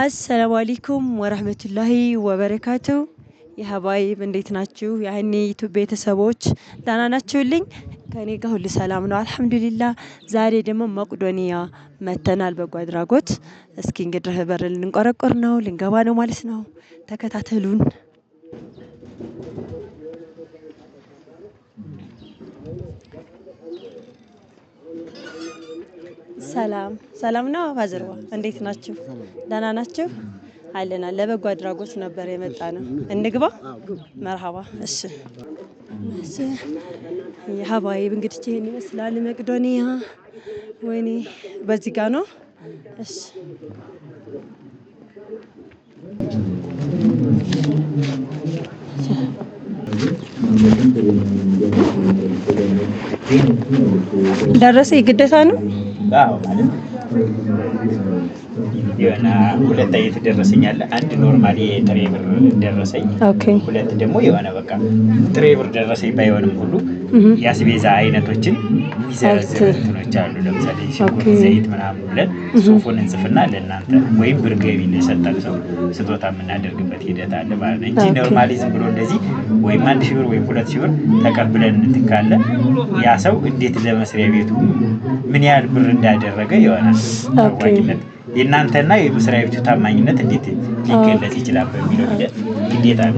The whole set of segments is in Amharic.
አሰላሙ አለይኩም ወራህመቱላሂ ወበረካቱ። የሀባይብ እንዴት ናችሁ? ያኔ ዩቱብ ቤተሰቦች ደህና ናችሁልኝ? ከኔ ጋር ሁሉ ሰላም ነው አልሐምዱሊላ። ዛሬ ደግሞ መቁዶኒያ መተናል በጎ አድራጎት። እስኪ እንግዲህ በር ልንቆረቆር ነው ልንገባ ነው ማለት ነው። ተከታተሉን። ሰላም ሰላም ነው ባዝርዋ እንዴት ናችሁ? ደህና ናችሁ? አለና ለበጎ አድራጎት ነበር የመጣ ነው። እንግባ መርሃባ። እሺ የሀባይብ እንግዲህ ይህን ይመስላል መቅዶኒያ። ወይኔ በዚህ ጋ ነው። እሺ ደረሰ የግደታ ነው Tá, የሆነ ሁለት አይነት ደረሰኝ አለ። አንድ ኖርማል የጥሬ ብር ደረሰኝ፣ ሁለት ደግሞ የሆነ በቃ ጥሬ ብር ደረሰኝ ባይሆንም ሁሉ የአስቤዛ አይነቶችን ይዘረዝር እንትኖች አሉ። ለምሳሌ ሽንኩርት፣ ዘይት ምናምን ብለን ጽሁፉን እንጽፍና ለእናንተ ወይም ብር ገቢ ለሰጠን ሰው ስጦታ የምናደርግበት ሂደት አለ ማለት ነው እንጂ ኖርማሊ ዝም ብሎ እንደዚህ ወይም አንድ ሺህ ብር ወይም ሁለት ሺህ ብር ተቀብለን እንትካለ ካለ ያ ሰው እንዴት ለመስሪያ ቤቱ ምን ያህል ብር እንዳደረገ የሆነ አዋቂነት የእናንተና የመስሪያ ቤቱ ታማኝነት እንዴት ሊገለጽ ይችላል በሚለው ሂደት ግዴታ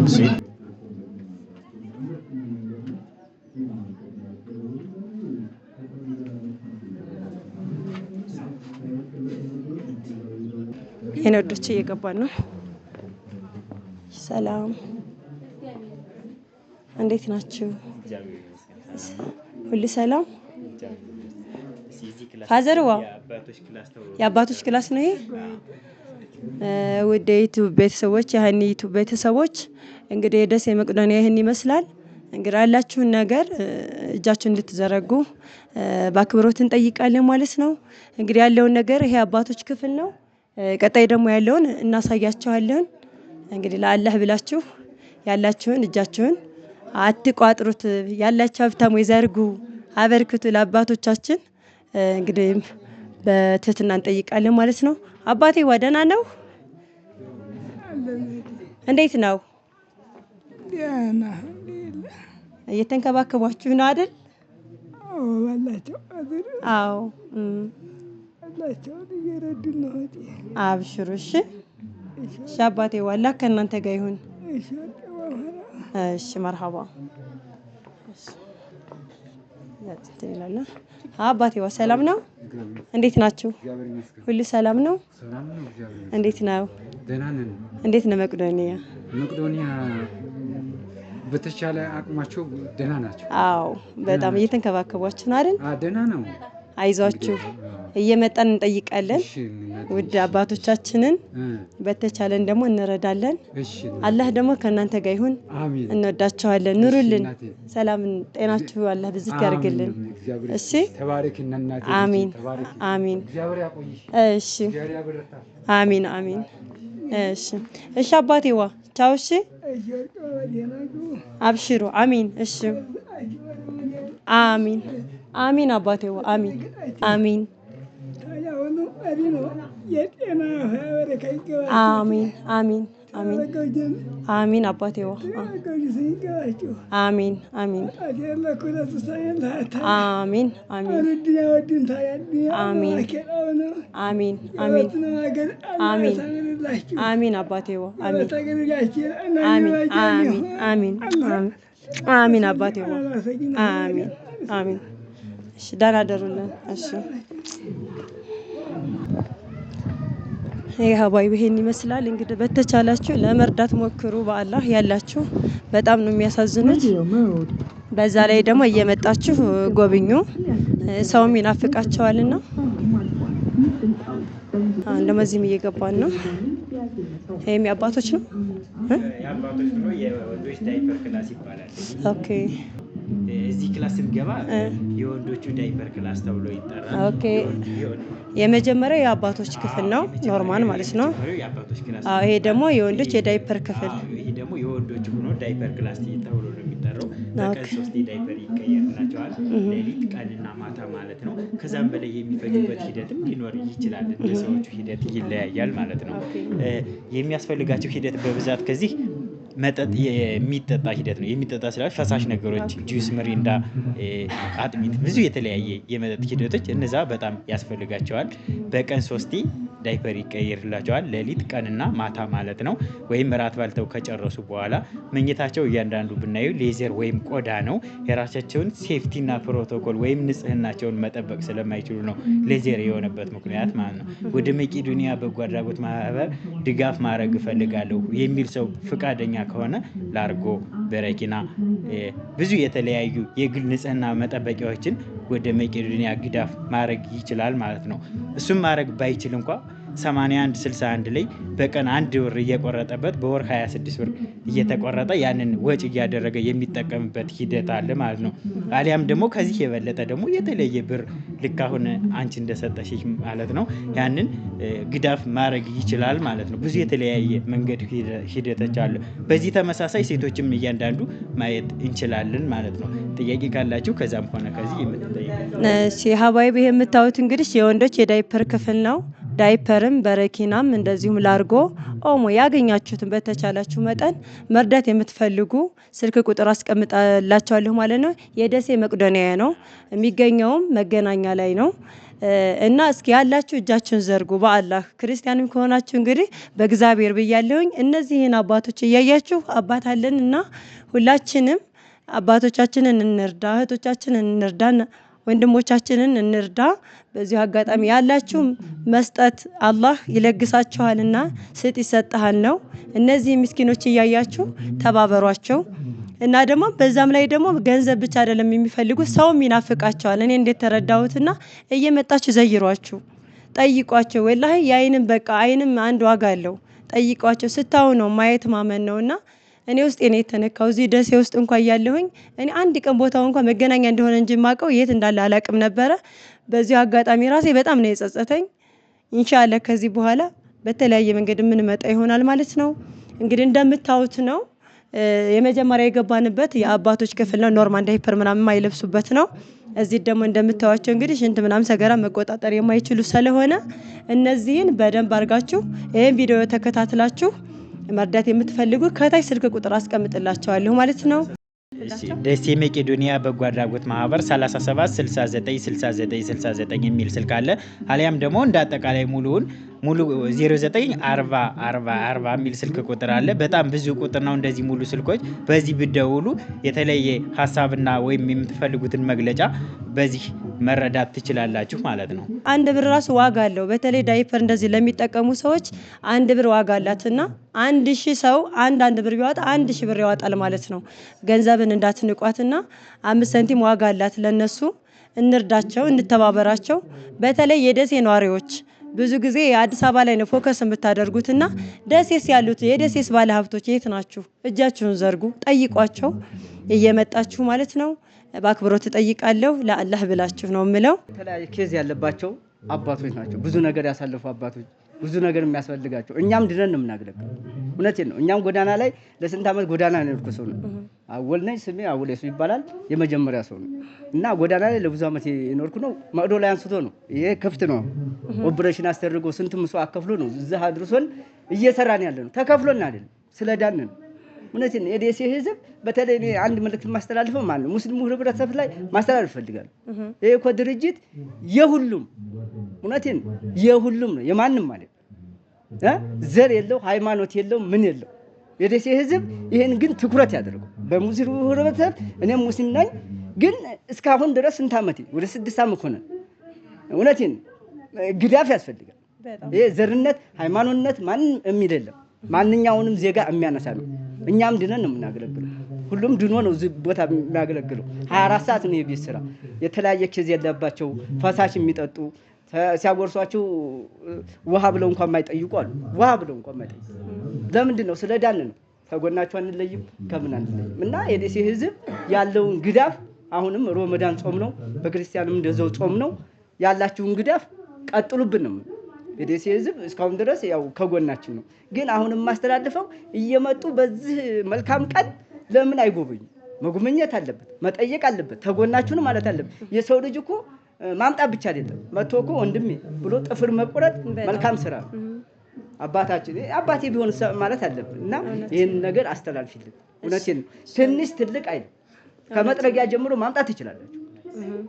የነዶች እየገባ ነው። ሰላም እንዴት ናችሁ? ሁሉ ሰላም ፋዘር የአባቶች ክላስ ነው ይሄ። ውድ ቤተሰቦች ያህን ዩቱብ ቤተሰቦች እንግዲህ ደሴ መቅዶኒያ ይህን ይመስላል። እንግዲህ ያላችሁን ነገር እጃችሁን እንድትዘረጉ በአክብሮት እንጠይቃለን ማለት ነው። እንግዲህ ያለውን ነገር ይሄ አባቶች ክፍል ነው። ቀጣይ ደግሞ ያለውን እናሳያቸዋለን። እንግዲህ ለአላህ ብላችሁ ያላችሁን እጃችሁን አትቋጥሩት። ያላችሁ ሀብታሙ ይዘርጉ፣ አበርክቱ ለአባቶቻችን። እንግዲህ በትህትና እንጠይቃለን ማለት ነው። አባቴ ወደና ነው። እንዴት ነው? እየተንከባከቧችሁ ነው አይደል? አዎ። አብሽሩ። እሺ፣ እሺ። አባቴ ዋላ ከእናንተ ጋር ይሁን። እሺ፣ መርሃባ አባቴዋ ሰላም ነው? እንዴት ናችሁ? ሁሉ ሰላም ነው? እንዴት ነው? እንዴት ነው? መቅዶኒያ መቅዶኒያ በተቻለ አቅማቸው ደህና ናቸው። አዎ፣ በጣም እየተንከባከቧችሁ አይደል? ደህና ነው። አይዟችሁ እየመጣን እንጠይቃለን። ውድ አባቶቻችንን በተቻለን ደግሞ እንረዳለን። አላህ ደግሞ ከእናንተ ጋር ይሁን። እንወዳቸዋለን። ኑሩልን። ሰላም ጤናችሁ አላህ ብዝት ያርግልን። እሺ፣ እሺ፣ አባቴዋ ቻው። እሺ፣ አብሽሩ። አሚን። እሺ፣ አሚን አሚን አባቴ አሚን አሚን አሚን አሚን አሚን አሚን አባቴ አሚን አሚን አሚን አሚን አሚን አሚን አባቴ አሚን አሚን አባቴ አሚን አሚን እሺ፣ ደህና ደሩልን። እሺ፣ ይሄ ሀባይ ይሄን ይመስላል። እንግዲህ በተቻላችሁ ለመርዳት ሞክሩ። በአላህ ያላችሁ በጣም ነው የሚያሳዝኑት። በዛ ላይ ደግሞ እየመጣችሁ ጎብኙ፣ ሰውም ይናፍቃቸዋልና። አሁን ደግሞ እዚህም እየገባን ነው። ይሄም የአባቶች ነው። ኦኬ እዚህ ክላስ ስንገባ የወንዶቹ ዳይፐር ክላስ ተብሎ ይጠራል። የመጀመሪያው የአባቶች ክፍል ነው፣ ኖርማል ማለት ነው። ይሄ ደግሞ የወንዶች የዳይፐር ክፍል፣ ይሄ ደግሞ የወንዶች ሆኖ ዳይፐር ክላስ ተብሎ ነው የሚጠራው። በቀን ሶስት ዳይፐር ይቀየርላቸዋል፣ ሌሊት፣ ቀንና ማታ ማለት ነው። ከዛም በላይ የሚፈልግበት ሂደትም ሊኖር ይችላል። እንደ ሰዎቹ ሂደት ይለያያል ማለት ነው። የሚያስፈልጋቸው ሂደት በብዛት ከዚህ መጠጥ የሚጠጣ ሂደት ነው። የሚጠጣ ስላል ፈሳሽ ነገሮች ጁስ፣ ምሪንዳ፣ አጥሚት፣ ብዙ የተለያየ የመጠጥ ሂደቶች እነዛ በጣም ያስፈልጋቸዋል። በቀን ሶስቴ ዳይፐር ይቀየርላቸዋል። ሌሊት፣ ቀንና ማታ ማለት ነው። ወይም እራት በልተው ከጨረሱ በኋላ መኝታቸው እያንዳንዱ ብናየው ሌዘር ወይም ቆዳ ነው። የራሳቸውን ሴፍቲና ፕሮቶኮል ወይም ንጽህናቸውን መጠበቅ ስለማይችሉ ነው ሌዘር የሆነበት ምክንያት ማለት ነው። ወደ መቄዶንያ በጎ አድራጎት ማህበር ድጋፍ ማድረግ እፈልጋለሁ የሚል ሰው ፈቃደኛ ከሆነ ላርጎ፣ በረኪና፣ ብዙ የተለያዩ የግል ንጽህና መጠበቂያዎችን ወደ መቄዶንያ ግዳፍ ማድረግ ይችላል ማለት ነው። እሱም ማድረግ ባይችል እንኳ 8161 ላይ በቀን አንድ ብር እየቆረጠበት በወር 26 ብር እየተቆረጠ ያንን ወጪ እያደረገ የሚጠቀምበት ሂደት አለ ማለት ነው። አሊያም ደግሞ ከዚህ የበለጠ ደግሞ የተለየ ብር ልክ አሁን አንቺ እንደሰጠሽኝ ማለት ነው ያንን ግዳፍ ማድረግ ይችላል ማለት ነው። ብዙ የተለያየ መንገድ ሂደቶች አሉ። በዚህ ተመሳሳይ ሴቶችም እያንዳንዱ ማየት እንችላለን ማለት ነው። ጥያቄ ካላችሁ ከዛም ሆነ ከዚህ የምትጠይቁ ሀባይ የምታዩት እንግዲህ የወንዶች የዳይፐር ክፍል ነው። ዳይፐርም በረኪናም እንደዚሁም ላርጎ ኦሞ ያገኛችሁትን በተቻላችሁ መጠን መርዳት የምትፈልጉ ስልክ ቁጥር አስቀምጣላችኋለሁ ማለት ነው። የደሴ መቅዶኒያ ነው የሚገኘውም መገናኛ ላይ ነው። እና እስኪ ያላችሁ እጃችሁን ዘርጉ። በአላህ ክርስቲያንም ከሆናችሁ እንግዲህ በእግዚአብሔር ብያለሁኝ። እነዚህን አባቶች እያያችሁ አባት አለን እና ሁላችንም አባቶቻችንን እንርዳ፣ እህቶቻችንን እንርዳን። ወንድሞቻችንን እንርዳ። በዚሁ አጋጣሚ ያላችሁ መስጠት አላህ ይለግሳችኋልና ስጥ ይሰጥሃል ነው። እነዚህ ምስኪኖች እያያችሁ ተባበሯቸው። እና ደግሞ በዛም ላይ ደግሞ ገንዘብ ብቻ አይደለም የሚፈልጉት ሰውም ይናፍቃቸዋል። እኔ እንዴት ተረዳሁትና እየመጣችሁ ዘይሯችሁ ጠይቋቸው። ወላሂ የአይንም በቃ አይንም አንድ ዋጋ አለው። ጠይቋቸው ስታዩ ነው ማየት ማመን ነውና እኔ ውስጤ ነው የተነካው። እዚህ ደሴ ውስጥ እንኳን እያለሁኝ እኔ አንድ ቀን ቦታው እንኳን መገናኛ እንደሆነ እንጂ የማውቀው የት እንዳለ አላውቅም ነበረ። በዚሁ አጋጣሚ ራሴ በጣም ነው የጸጸተኝ። ኢንሻአላህ ከዚህ በኋላ በተለያየ መንገድ የምንመጣ ይሆናል ማለት ነው። እንግዲህ እንደምታዩት ነው። የመጀመሪያ የገባንበት የአባቶች ክፍል ነው። ኖርማል ዳይፐር ምናምን የማይለብሱበት ነው። እዚህ ደግሞ እንደምታዩዋቸው እንግዲህ ሽንት ምናምን ሰገራ መቆጣጠር የማይችሉ ስለሆነ እነዚህን በደንብ አድርጋችሁ ይህን ቪዲዮ ተከታትላችሁ መርዳት የምትፈልጉ ከታች ስልክ ቁጥር አስቀምጥላቸዋለሁ ማለት ነው። ደሴ መቄዶኒያ በጎ አድራጎት ማህበር 37 69 69 69 የሚል ስልክ አለ። አሊያም ደግሞ እንደ አጠቃላይ ሙሉውን ሙሉ 09404040 የሚል ስልክ ቁጥር አለ። በጣም ብዙ ቁጥር ነው። እንደዚህ ሙሉ ስልኮች በዚህ ብደውሉ የተለየ ሀሳብና ወይም የምትፈልጉትን መግለጫ በዚህ መረዳት ትችላላችሁ ማለት ነው። አንድ ብር ራሱ ዋጋ አለው። በተለይ ዳይፐር እንደዚህ ለሚጠቀሙ ሰዎች አንድ ብር ዋጋ አላትና አንድ ሺህ ሰው አንድ አንድ ብር ቢዋጣ አንድ ሺህ ብር ያዋጣል ማለት ነው። ገንዘብን እንዳትንቋትና አምስት ሳንቲም ዋጋ አላት። ለነሱ እንርዳቸው፣ እንተባበራቸው። በተለይ የደሴ ነዋሪዎች ብዙ ጊዜ አዲስ አበባ ላይ ነው ፎከስ የምታደርጉት እና ደሴስ ያሉት የደሴስ ባለሀብቶች የት ናችሁ? እጃችሁን ዘርጉ፣ ጠይቋቸው እየመጣችሁ ማለት ነው። በአክብሮት እጠይቃለሁ። ለአላህ ብላችሁ ነው የምለው። የተለያየ ኬዝ ያለባቸው አባቶች ናቸው። ብዙ ነገር ያሳለፉ አባቶች ብዙ ነገር የሚያስፈልጋቸው እኛም ድነን ነው የምናገለግለው። እውነቴን ነው። እኛም ጎዳና ላይ ለስንት ዓመት ጎዳና ነው የኖርኩ ሰው ነው። አወል ነኝ ስሜ አወል የሱ ይባላል። የመጀመሪያ ሰው ነው እና ጎዳና ላይ ለብዙ ዓመት የኖርኩ ነው። መቅዶ ላይ አንስቶ ነው ይሄ ክፍት ነው። ኦፕሬሽን አስደርጎ ስንት ምሶ አከፍሎ ነው እዚህ አድርሶን እየሰራን ያለ ነው። ተከፍሎን አይደለም ስለዳን ነው። እውነቴን ነው። የደሴ ህዝብ በተለይ እኔ አንድ መልእክት የማስተላልፈው ማለት ነው ሙስሊሙ ህብረተሰብ ላይ ማስተላልፍ እፈልጋለሁ። ይሄ እኮ ድርጅት የሁሉም እውነቴን የሁሉም ነው የማንም ማለት ዘር የለው፣ ሃይማኖት የለው፣ ምን የለው። የደሴ ህዝብ ይህን ግን ትኩረት ያደርገው በሙስሊሙ ህብረተሰብ። እኔም ሙስሊም ነኝ፣ ግን እስካሁን ድረስ ስንት ዓመት ወደ ስድስት ዓመት ሆነ። እውነቴን ግዳፍ ያስፈልጋል። ይሄ ዘርነት፣ ሃይማኖትነት ማንም የሚል የለም። ማንኛውንም ዜጋ የሚያነሳ ነው። እኛም ድነን ነው የምናገለግለው። ሁሉም ድኖ ነው እዚህ ቦታ የሚያገለግለው። አራት ሰዓት ነው የቤት ስራ። የተለያየ ኬዝ የለባቸው ፈሳሽ የሚጠጡ ሲያጎርሷቸው ውሃ ብለው እንኳን የማይጠይቁ አሉ። ውሃ ብለው እንኳን የማይጠይቁ ለምንድን ነው? ዳን ነው። ከጎናቸው አንለይም፣ ከምን አንለይም። እና የደሴ ህዝብ ያለውን ግዳፍ አሁንም ሮመዳን ጾም ነው፣ በክርስቲያንም እንደዛው ጾም ነው። ያላችሁን ግዳፍ ቀጥሉብን ነው የደሴ ህዝብ እስካሁን ድረስ ያው ከጎናችን ነው። ግን አሁን የማስተላልፈው እየመጡ በዚህ መልካም ቀን ለምን አይጎበኙ? መጎብኘት አለበት፣ መጠየቅ አለበት፣ ተጎናችሁን ማለት አለበት። የሰው ልጅ እኮ ማምጣት ብቻ አይደለም፣ መቶ እኮ ወንድሜ ብሎ ጥፍር መቁረጥ መልካም ስራ አባታችን አባቴ ቢሆን ማለት አለብን እና ይህን ነገር አስተላልፊልን። እውነቴን ነው። ትንሽ ትልቅ አይደል። ከመጥረጊያ ጀምሮ ማምጣት ትችላላችሁ።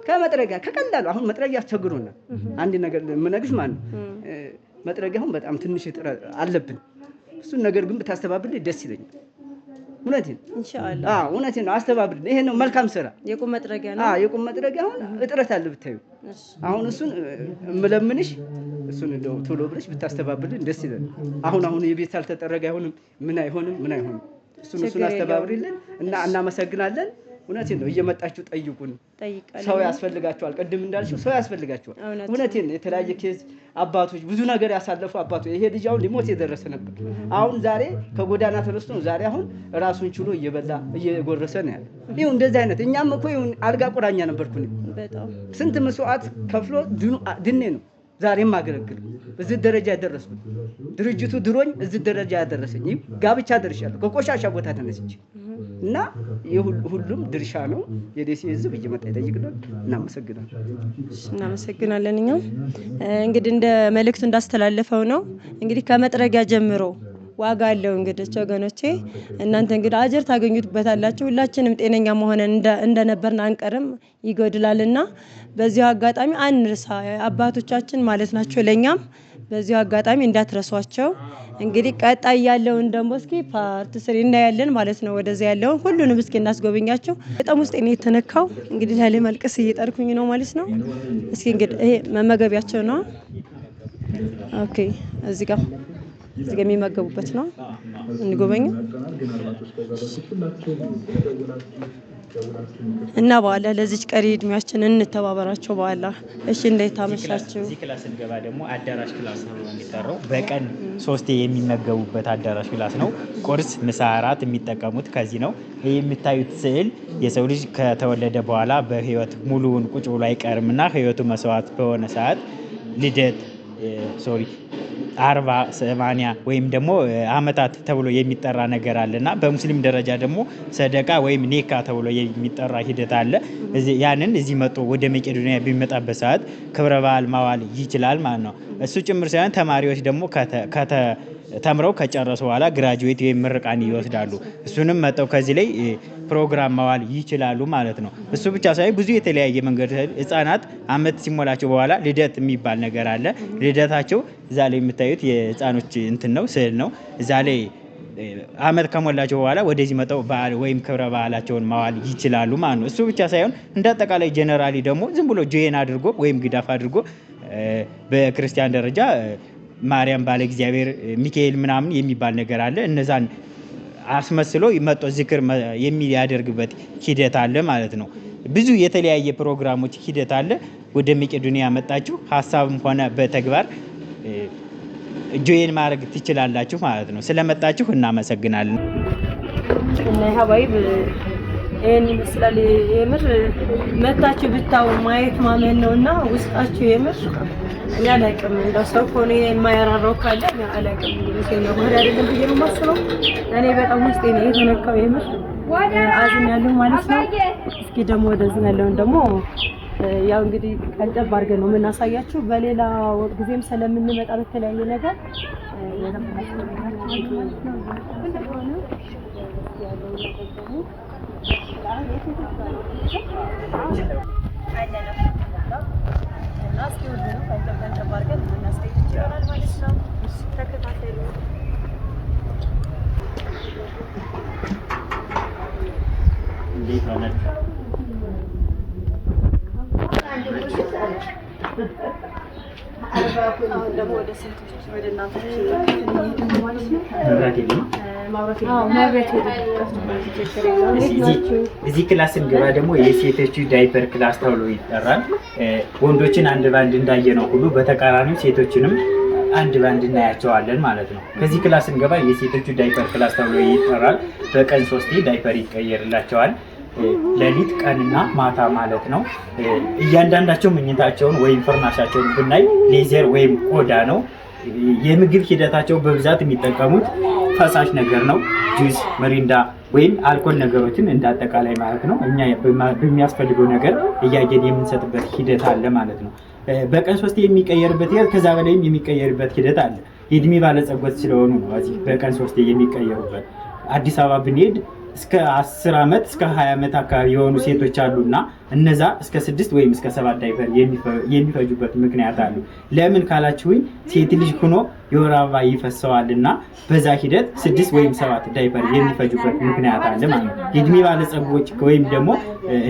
ከመጥረጊያ ከቀላሉ አሁን መጥረጊያ አስቸግሮናል። አንድ ነገር የምነግርሽ ማን ነው መጥረጊያ አሁን በጣም ትንሽ አለብን። እሱን ነገር ግን ብታስተባብል ደስ ይለኛል። እውነቴን አዎ እውነቴን ነው። አስተባብር ይሄ ነው መልካም ስራ። የቁም መጥረጊያ ነው። አዎ የቁም መጥረጊያ አሁን እጥረት አለ ብታዩ። አሁን እሱን እምለምንሽ እሱን እንደው ቶሎ ብለሽ ብታስተባብርልን ደስ ይላል። አሁን አሁን የቤት አልተጠረገ አይሆንም፣ ምን አይሆንም፣ ምን አይሆንም። እሱን እሱን አስተባብሪልን እና እናመሰግናለን። እውነቴን ነው። እየመጣችሁ ጠይቁን። ሰው ያስፈልጋቸዋል። ቅድም እንዳልሽው ሰው ያስፈልጋቸዋል። እውነቴን ነው። የተለያየ ኬዝ አባቶች ብዙ ነገር ያሳለፉ አባቶች ይሄ ልጅ አሁን ሊሞት የደረሰ ነበር። አሁን ዛሬ ከጎዳና ተነስቶ ዛሬ አሁን ራሱን ችሎ እየበላ እየጎረሰ ነው ያለ። ይሁ እንደዚህ አይነት እኛም እኮ አልጋ ቁራኛ ነበርኩ። ስንት መስዋዕት ከፍሎ ድኔ ነው ዛሬ አገለግል እዚህ ደረጃ ያደረስኩት ድርጅቱ ድሮኝ እዚህ ደረጃ ያደረሰኝ ጋብቻ ደርሻለሁ። ከቆሻሻ ቦታ ተነስቼ እና ሁሉም ድርሻ ነው። የደሴ ህዝብ እየመጣ ይጠይቅናል። እናመሰግናለን። እናመሰግናለን። እኛም እንግዲህ እንደ መልእክቱ እንዳስተላለፈው ነው እንግዲህ ከመጥረጊያ ጀምሮ ዋጋ አለው። እንግዲህ ወገኖቼ እናንተ እንግዲህ አጀር ታገኙትበታላችሁ። ሁላችንም ጤነኛ መሆን እንደነበርን አንቀርም ይጎድላልና፣ በዚሁ አጋጣሚ አንርሳ አባቶቻችን ማለት ናቸው ለእኛም በዚሁ አጋጣሚ እንዳትረሷቸው። እንግዲህ ቀጣይ ያለውን ደግሞ እስኪ ፓርት ስሪ እናያለን ማለት ነው። ወደዚያ ያለውን ሁሉንም እስኪ እናስጎብኛቸው። በጣም ውስጤ ነው የተነካው። እንግዲህ ላለ መልቅስ እየጠርኩኝ ነው ማለት ነው። እስኪ እንግዲህ ይሄ መመገቢያቸው ነው። ኦኬ እዚህ ጋር እዚህ ጋር የሚመገቡበት ነው። እንጎበኙ እና በኋላ ለዚች ቀሪ እድሜያችን እንተባበራቸው። በኋላ እሺ፣ እንዴት አመሻችሁ? እዚህ ክላስ ስንገባ ደግሞ አዳራሽ ክላስ ነው የሚጠራው። በቀን ሶስቴ የሚመገቡበት አዳራሽ ክላስ ነው። ቁርስ፣ ምሳ፣ እራት የሚጠቀሙት ከዚህ ነው። ይህ የምታዩት ስዕል የሰው ልጅ ከተወለደ በኋላ በህይወት ሙሉውን ቁጭ ብሎ አይቀርምና ህይወቱ መስዋዕት በሆነ ሰዓት ልደት ሶሪ አርባ ሰማንያ ወይም ደግሞ አመታት ተብሎ የሚጠራ ነገር አለ እና በሙስሊም ደረጃ ደግሞ ሰደቃ ወይም ኔካ ተብሎ የሚጠራ ሂደት አለ። ያንን እዚህ መጦ ወደ መቄዶንያ በሚመጣበት ሰዓት ክብረ በዓል ማዋል ይችላል ማለት ነው። እሱ ጭምር ሳይሆን ተማሪዎች ደግሞ ከተ ተምረው ከጨረሱ በኋላ ግራጁዌት ወይም ምርቃን ይወስዳሉ። እሱንም መጠው ከዚህ ላይ ፕሮግራም መዋል ይችላሉ ማለት ነው። እሱ ብቻ ሳይሆን ብዙ የተለያየ መንገድ ህጻናት አመት ሲሞላቸው በኋላ ልደት የሚባል ነገር አለ። ልደታቸው እዛ ላይ የምታዩት የህፃኖች እንትን ነው ስዕል ነው እዛ ላይ አመት ከሞላቸው በኋላ ወደዚህ መጠው በዓል ወይም ክብረ በዓላቸውን ማዋል ይችላሉ ማለት ነው። እሱ ብቻ ሳይሆን እንደ አጠቃላይ ጀነራሊ ደግሞ ዝም ብሎ ጆይን አድርጎ ወይም ግዳፍ አድርጎ በክርስቲያን ደረጃ ማርያም ባለ እግዚአብሔር ሚካኤል ምናምን የሚባል ነገር አለ። እነዛን አስመስሎ መጦ ዝክር የሚያደርግበት ሂደት አለ ማለት ነው። ብዙ የተለያየ ፕሮግራሞች ሂደት አለ። ወደ መቄዶንያ መጣችሁ ሀሳብም ሆነ በተግባር ጆይን ማድረግ ትችላላችሁ ማለት ነው። ስለመጣችሁ እናመሰግናለን። ይህን ይመስላል። የምር መታችሁ ብታው ማየት ማመን ነው እና ውስጣችሁ የምር እኔ አላውቅም። እንደው ሰው ከሆነ የማያራራው ካለ እኔ አላውቅም። አይደለም ብዬ ነው የማስበው። እኔ በጣም ውስጤ ነው የተነካው። የምር ማለት ነው። እስኪ ደግሞ ወደዚህ ያለውን ደግሞ ያው እንግዲህ ቀንጨብ አድርገን ነው የምናሳያችሁ። በሌላ ጊዜም ስለምንመጣ በተለያየ ነገር ያለው ራስ ኪወልድ ነው ከኢትዮጵያን ተባርገን እናስገኝ ይችላል ማለት ነው። ተከታተሉ። እንዴት ሆነች? አሁን ደግሞ ወደ ሴቶች ወደ እናቶች ማለት ነው እዚህ ክላስ ስንገባ ደግሞ የሴቶቹ ዳይፐር ክላስ ተብሎ ይጠራል። ወንዶችን አንድ ባንድ እንዳየ ነው ሁሉ በተቃራኒው ሴቶችንም አንድ ባንድ እናያቸዋለን ማለት ነው። ከዚህ ክላስ ስንገባ የሴቶቹ ዳይፐር ክላስ ተብሎ ይጠራል። በቀን ሶስቴ ዳይፐር ይቀየርላቸዋል። ሌሊት ቀንና ማታ ማለት ነው። እያንዳንዳቸው ምኝታቸውን ወይም ፍርናሻቸውን ብናይ ሌዘር ወይም ቆዳ ነው። የምግብ ሂደታቸው በብዛት የሚጠቀሙት ፈሳሽ ነገር ነው። ጁስ፣ ምሪንዳ ወይም አልኮል ነገሮችን እንዳጠቃላይ ማለት ነው እኛ በሚያስፈልገው ነገር እያየን የምንሰጥበት ሂደት አለ ማለት ነው። በቀን ሶስቴ የሚቀየርበት ሂደት ከዛ በላይም የሚቀየርበት ሂደት አለ። የእድሜ ባለጸጎት ስለሆኑ ነው በቀን ሶስቴ የሚቀየሩበት። አዲስ አበባ ብንሄድ እስከ 10 ዓመት እስከ 20 ዓመት አካባቢ የሆኑ ሴቶች አሉና እነዛ እስከ ስድስት ወይም እስከ ሰባት ዳይፐር የሚፈጁበት ምክንያት አሉ። ለምን ካላችሁኝ ሴት ልጅ ሆኖ የወር አበባ ይፈሰዋል እና በዛ ሂደት ስድስት ወይም ሰባት ዳይፐር የሚፈጁበት ምክንያት አለ ማለት ነው። የእድሜ ባለጸጎች ወይም ደግሞ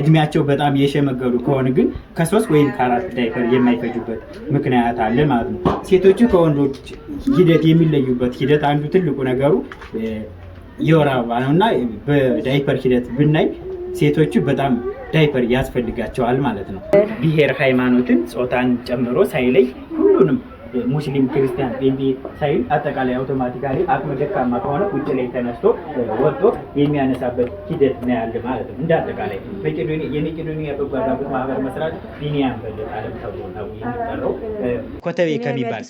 እድሜያቸው በጣም የሸመገሉ ከሆነ ግን ከሶስት ወይም ከአራት ዳይፐር የማይፈጁበት ምክንያት አለ ማለት ነው። ሴቶቹ ከወንዶች ሂደት የሚለዩበት ሂደት አንዱ ትልቁ ነገሩ የወር አበባ ነው እና በዳይፐር ሂደት ብናይ ሴቶቹ በጣም ዳይፐር ያስፈልጋቸዋል ማለት ነው። ብሔር ሃይማኖትን፣ ጾታን ጨምሮ ሳይለይ ሁሉንም ሙስሊም ክርስቲያን ቤንቢ ሳይል አጠቃላይ አውቶማቲካሊ አቅመ ደካማ ከሆነ ውጭ ላይ ተነስቶ ወጥቶ የሚያነሳበት ሂደት ነው ያለ ማለት ነው። እንደ አጠቃላይ የመቄዶኒያ በጎ አድራጎት ማህበር መስራት ቢኒያም በለጠ አለም ተብሎ ነው የሚጠራው። ኮተቤ ከሚባል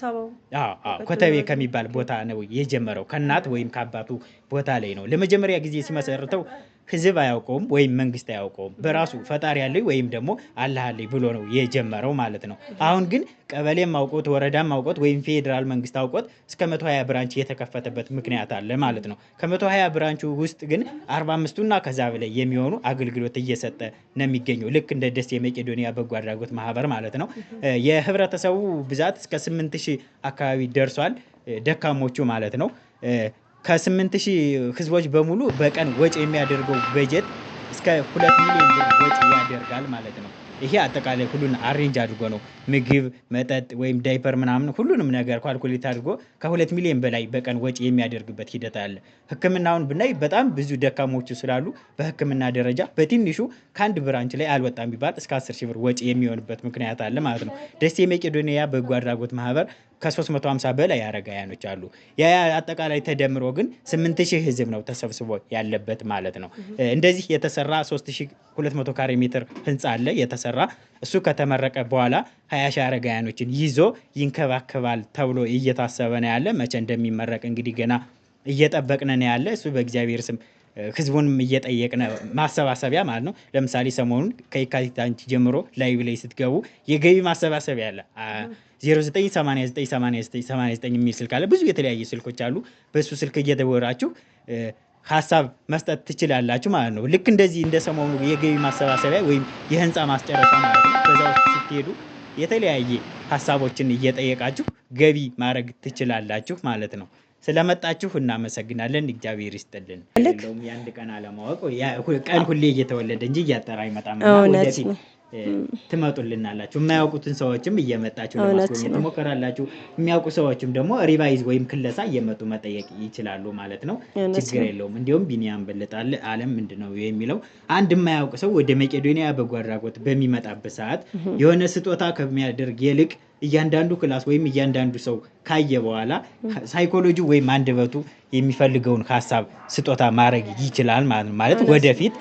ኮተቤ ከሚባል ቦታ ነው የጀመረው። ከእናት ወይም ከአባቱ ቦታ ላይ ነው ለመጀመሪያ ጊዜ ሲመሰርተው ህዝብ አያውቀውም ወይም መንግስት አያውቀውም። በራሱ ፈጣሪ አለኝ ወይም ደግሞ አላህ አለኝ ብሎ ነው የጀመረው ማለት ነው። አሁን ግን ቀበሌም አውቆት ወረዳም አውቆት ወይም ፌዴራል መንግስት አውቆት እስከ 120 ብራንች የተከፈተበት ምክንያት አለ ማለት ነው። ከ120 ብራንቹ ውስጥ ግን 45 እና ከዛ በላይ የሚሆኑ አገልግሎት እየሰጠ ነው የሚገኘው ልክ እንደ ደሴ የመቄዶንያ በጎ አድራጎት ማህበር ማለት ነው። የህብረተሰቡ ብዛት እስከ 8000 አካባቢ ደርሷል፣ ደካሞቹ ማለት ነው። ከስምንት ሺህ ህዝቦች በሙሉ በቀን ወጪ የሚያደርገው በጀት እስከ ሁለት ሚሊዮን ብር ወጪ ያደርጋል ማለት ነው። ይሄ አጠቃላይ ሁሉን አሬንጅ አድርጎ ነው ምግብ፣ መጠጥ ወይም ዳይፐር ምናምን ሁሉንም ነገር ኳልኩሌት አድርጎ ከሁለት ሚሊዮን በላይ በቀን ወጪ የሚያደርግበት ሂደት አለ። ህክምናውን ብናይ በጣም ብዙ ደካሞቹ ስላሉ በህክምና ደረጃ በትንሹ ከአንድ ብራንች ላይ አልወጣም ቢባል እስከ አስር ሺህ ብር ወጪ የሚሆንበት ምክንያት አለ ማለት ነው። ደሴ መቄዶንያ በጎ አድራጎት ማህበር ከ350 በላይ አረጋውያኖች አሉ። ያ አጠቃላይ ተደምሮ ግን 8000 ህዝብ ነው ተሰብስቦ ያለበት ማለት ነው። እንደዚህ የተሰራ 3200 ካሬ ሜትር ህንፃ አለ የተሰራ እሱ ከተመረቀ በኋላ 20 ሺህ አረጋውያኖችን ይዞ ይንከባከባል ተብሎ እየታሰበ ነው ያለ። መቼ እንደሚመረቅ እንግዲህ ገና እየጠበቅን ነው ያለ። እሱ በእግዚአብሔር ስም ህዝቡንም እየጠየቅን ማሰባሰቢያ ማለት ነው። ለምሳሌ ሰሞኑን ከየካቲት አንቺ ጀምሮ ላይቭ ላይ ስትገቡ የገቢ ማሰባሰቢያ አለ 09898989 የሚል ስልክ አለ። ብዙ የተለያዩ ስልኮች አሉ። በእሱ ስልክ እየተወራችሁ ሀሳብ መስጠት ትችላላችሁ ማለት ነው። ልክ እንደዚህ እንደ ሰሞኑ የገቢ ማሰባሰቢያ ወይም የህንፃ ማስጨረሻ ማለት ነው። በዛ ውስጥ ስትሄዱ የተለያየ ሀሳቦችን እየጠየቃችሁ ገቢ ማድረግ ትችላላችሁ ማለት ነው። ስለመጣችሁ እናመሰግናለን። እግዚአብሔር ይስጥልን። የአንድ ቀን አለማወቅ ቀን ሁሌ እየተወለደ እንጂ እያጠራ አይመጣም። ወደፊት ትመጡልናላችሁ። የማያውቁትን ሰዎችም እየመጣችሁ ለማስጎብኘት ትሞከራላችሁ። የሚያውቁ ሰዎችም ደግሞ ሪቫይዝ ወይም ክለሳ እየመጡ መጠየቅ ይችላሉ ማለት ነው። ችግር የለውም። እንዲሁም ቢኒያም በልጣል አለም ምንድን ነው የሚለው አንድ የማያውቅ ሰው ወደ መቄዶንያ በጎ አድራጎት በሚመጣበት ሰዓት የሆነ ስጦታ ከሚያደርግ ይልቅ እያንዳንዱ ክላስ ወይም እያንዳንዱ ሰው ካየ በኋላ ሳይኮሎጂ ወይም አንደበቱ የሚፈልገውን ሀሳብ ስጦታ ማድረግ ይችላል ማለት ነው። ማለት ወደፊት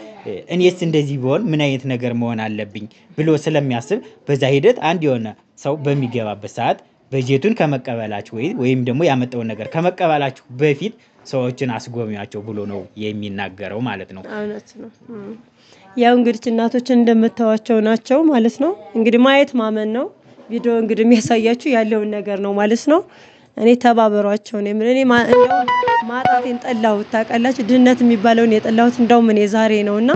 እኔስ እንደዚህ ቢሆን ምን አይነት ነገር መሆን አለብኝ ብሎ ስለሚያስብ በዛ ሂደት አንድ የሆነ ሰው በሚገባበት ሰዓት በጀቱን ከመቀበላችሁ ወይም ደግሞ ያመጣውን ነገር ከመቀበላችሁ በፊት ሰዎችን አስጎብኟቸው ብሎ ነው የሚናገረው ማለት ነው። እውነት ነው። ያው እንግዲህ እናቶችን እንደምታዋቸው ናቸው ማለት ነው። እንግዲህ ማየት ማመን ነው። ቪዲዮ እንግዲህ የሚያሳያችሁ ያለውን ነገር ነው ማለት ነው። እኔ ተባበሯቸው ነው የምልህ። እኔ እንደውም ማጣቴን ጠላሁት ታውቃላችሁ። ድህነት የሚባለውን የጠላሁት እንደው ምን ዛሬ ነው እና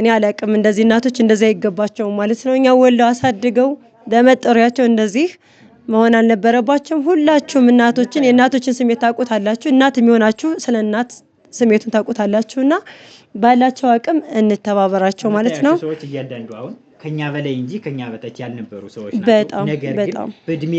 እኔ አላቅም። እንደዚህ እናቶች እንደዚህ አይገባቸውም ማለት ነው። እኛ ወልደው አሳድገው ለመጠሪያቸው እንደዚህ መሆን አልነበረባቸውም። ሁላችሁም እናቶችን የእናቶችን ስሜት ታውቁታላችሁ። እናት የሚሆናችሁ ስለ እናት ስሜቱን ታውቁታላችሁ እና ባላቸው አቅም እንተባበራቸው ማለት ነው። ከኛ በላይ እንጂ ከኛ በታች ያልነበሩ ሰዎች ናቸው። ነገር ግን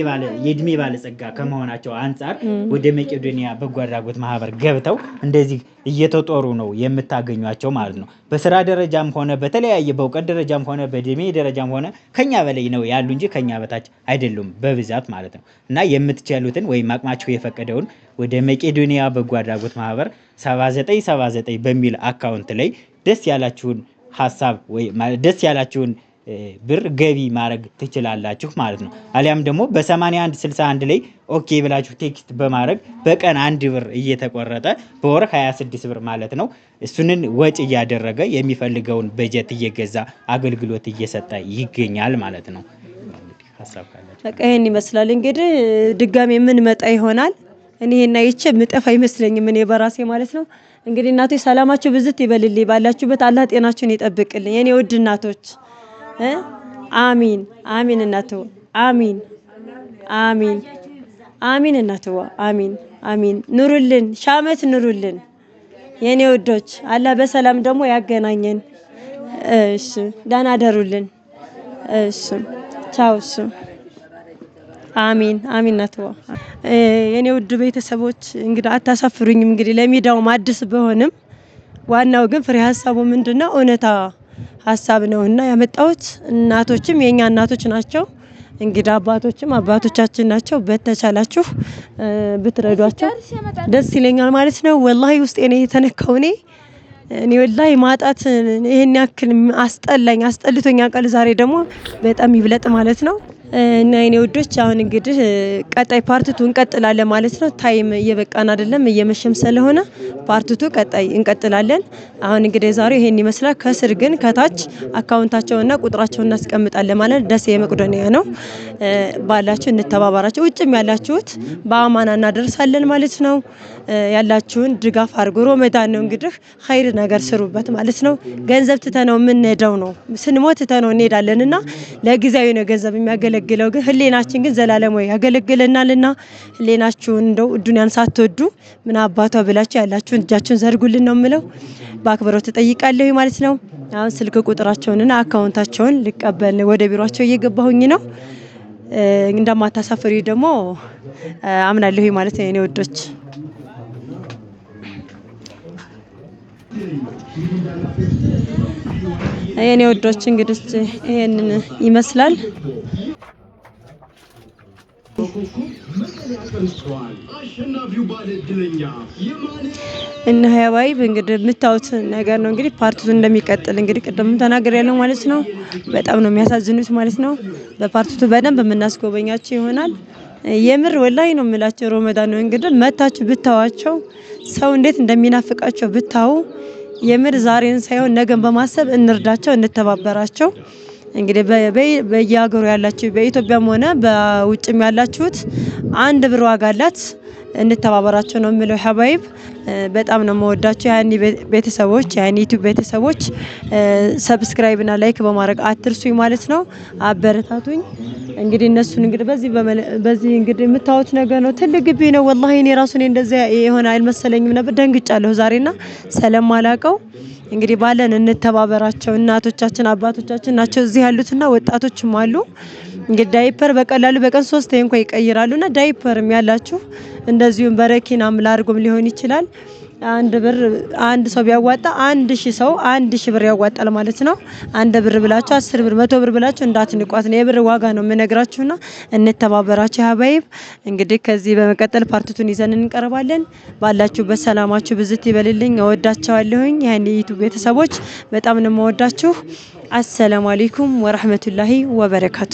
የእድሜ ባለጸጋ ከመሆናቸው አንጻር ወደ መቄዶንያ በጎ አድራጎት ማህበር ገብተው እንደዚህ እየተጦሩ ነው የምታገኟቸው ማለት ነው። በስራ ደረጃም ሆነ በተለያየ በእውቀት ደረጃም ሆነ በእድሜ ደረጃም ሆነ ከኛ በላይ ነው ያሉ እንጂ ከኛ በታች አይደሉም በብዛት ማለት ነው። እና የምትችሉትን ወይም አቅማችሁ የፈቀደውን ወደ መቄዶንያ በጎ አድራጎት ማህበር 7979 በሚል አካውንት ላይ ደስ ያላችሁን ሀሳብ ወይ ደስ ያላችሁን ብር ገቢ ማድረግ ትችላላችሁ ማለት ነው። አሊያም ደግሞ በ 8161 61 ላይ ኦኬ ብላችሁ ቴክስት በማድረግ በቀን አንድ ብር እየተቆረጠ በወር 26 ብር ማለት ነው። እሱንን ወጪ እያደረገ የሚፈልገውን በጀት እየገዛ አገልግሎት እየሰጠ ይገኛል ማለት ነው። በቃ ይህን ይመስላል እንግዲህ ድጋሜ የምንመጣ ይሆናል። እኔ ይሄን አይቼ ምጠፍ አይመስለኝም እኔ በራሴ ማለት ነው። እንግዲህ እናቶች ሰላማችሁ ብዝት ይበልልኝ፣ ባላችሁበት አላህ ጤናችሁን ይጠብቅልኝ የኔ ውድ እናቶች። አሚን አሚን እናትዋ አሚን አሚን አሚን እናትዋ አሚን አሚን። ኑሩልን፣ ሻመት ኑሩልን የኔ ውዶች። አላህ በሰላም ደግሞ ያገናኘን። እሺ ደህና ደሩልን። እሺ ቻው። እሺ አሚን አሚን እናትዋ የኔ ውድ ቤተሰቦች እንግዲህ አታሳፍሩኝም። እንግዲህ ለሚዲያውም አዲስ በሆንም ዋናው ግን ፍሬ ሀሳቡ ምንድነው እውነታ ሀሳብ እና ያመጣሁት። እናቶችም የእኛ እናቶች ናቸው እንግዲህ አባቶችም አባቶቻችን ናቸው። በተቻላችሁ ብትረዷቸው ደስ ይለኛል ማለት ነው። ወላሂ ውስጤ ነው የተነካው። እኔ እኔ ወላሂ ማጣት ይህን ያክል አስጠላኝ፣ አስጠልቶኛ ቀል ዛሬ ደግሞ በጣም ይብለጥ ማለት ነው። እና የኔ ውዶች አሁን እንግዲህ ቀጣይ ፓርትቱ እንቀጥላለን ማለት ነው። ታይም እየበቃን አይደለም እየመሸም ስለሆነ ፓርትቱ ቀጣይ እንቀጥላለን። አሁን እንግዲህ ዛሬ ይሄን ይመስላል። ከስር ግን ከታች አካውንታቸውና ቁጥራቸውን እናስቀምጣለን ማለት ደሴ የመቄዶንያ ነው። ባላችሁ እንተባባራችሁ፣ ውጭም ያላችሁት በአማና እናደርሳለን ማለት ነው። ያላችሁን ድጋፍ አድርጎ ሮመዳን ነው እንግዲህ ኸይር ነገር ስሩበት ማለት ነው። ገንዘብ ትተነው የምንሄደው ነው፣ ስንሞት ትተነው እንሄዳለን እና ለጊዜያዊ ነው ገንዘብ የሚያገለግለው፣ ግን ህሌናችን ግን ወይ ያገለግለናል። እና ህሌናችሁን እንደው እዱንያን ሳትወዱ ምን አባቷ ብላችሁ ያላችሁን እጃችሁን ዘርጉልን ነው የምለው። በአክብሮት እጠይቃለሁ ማለት ነው። አሁን ስልክ ቁጥራቸውንና አካውንታቸውን ልቀበል ወደ ቢሮቸው እየገባሁኝ ነው። እንደማታሳፍሪ ደግሞ አምናለሁ ማለት ነው የኔ ወዶች። የኔ ውዶች እንግዲህ ይሄንን ይመስላል። እና ሀያባይ እንግዲህ የምታዩት ነገር ነው። እንግዲህ ፓርቱ እንደሚቀጥል እንግዲህ ቅድም ተናገር ያለው ማለት ነው። በጣም ነው የሚያሳዝኑት ማለት ነው። በፓርቱ በደንብ የምናስጎበኛቸው ይሆናል። የምር ወላሂ ነው የምላቸው። ሮመዳን ነው እንግዲህ መታችሁ ብታዋቸው ሰው እንዴት እንደሚናፍቃቸው ብታው። የምር ዛሬን ሳይሆን ነገን በማሰብ እንርዳቸው፣ እንተባበራቸው። እንግዲህ በየሀገሩ ያላችሁ በኢትዮጵያም ሆነ በውጭም ያላችሁት አንድ ብር ዋጋ አላት። እንተባበራቸው ነው የምለው። ሀባይብ በጣም ነው መወዳቸው። ያኒ ቤተሰቦች ያኒ ዩቲዩብ ቤተሰቦች ሰብስክራይብ ና ላይክ በማድረግ አትርሱኝ ማለት ነው። አበረታቱኝ። እንግዲህ እነሱን እንግዲህ በዚህ በዚህ እንግዲህ የምታዩት ነገር ነው። ትልቅ ግቢ ነው። ወላሂ እኔ ራሱ እኔ እንደዚያ የሆነ አልመሰለኝም ነበር። ደንግጫለሁ ዛሬና ሰለም አላቀው እንግዲህ ባለን እንተባበራቸው። እናቶቻችን አባቶቻችን ናቸው እዚህ ያሉትና ወጣቶችም አሉ። እንግዲህ ዳይፐር በቀላሉ በቀን ሶስት እንኳ ይቀይራሉና ዳይፐርም ያላችሁ እንደዚሁም በረኪናም ላርጎም ሊሆን ይችላል። አንድ ብር አንድ ሰው ቢያዋጣ አንድ ሺ ሰው አንድ ሺ ብር ያዋጣል ማለት ነው። አንድ ብር ብላችሁ አስር ብር መቶ ብር ብላችሁ እንዳትንቋት ነው የብር ዋጋ ነው የምነግራችሁና እንተባበራችሁ ያባይብ እንግዲህ ከዚህ በመቀጠል ፓርቲቱን ይዘን እንቀርባለን። ባላችሁበት ሰላማችሁ ብዝት ይበልልኝ። እወዳቸዋለሁኝ። ይህን የዩቱብ ቤተሰቦች በጣም ነው የምወዳችሁ። አሰላሙ አሌይኩም ወረህመቱላሂ ወበረካቱ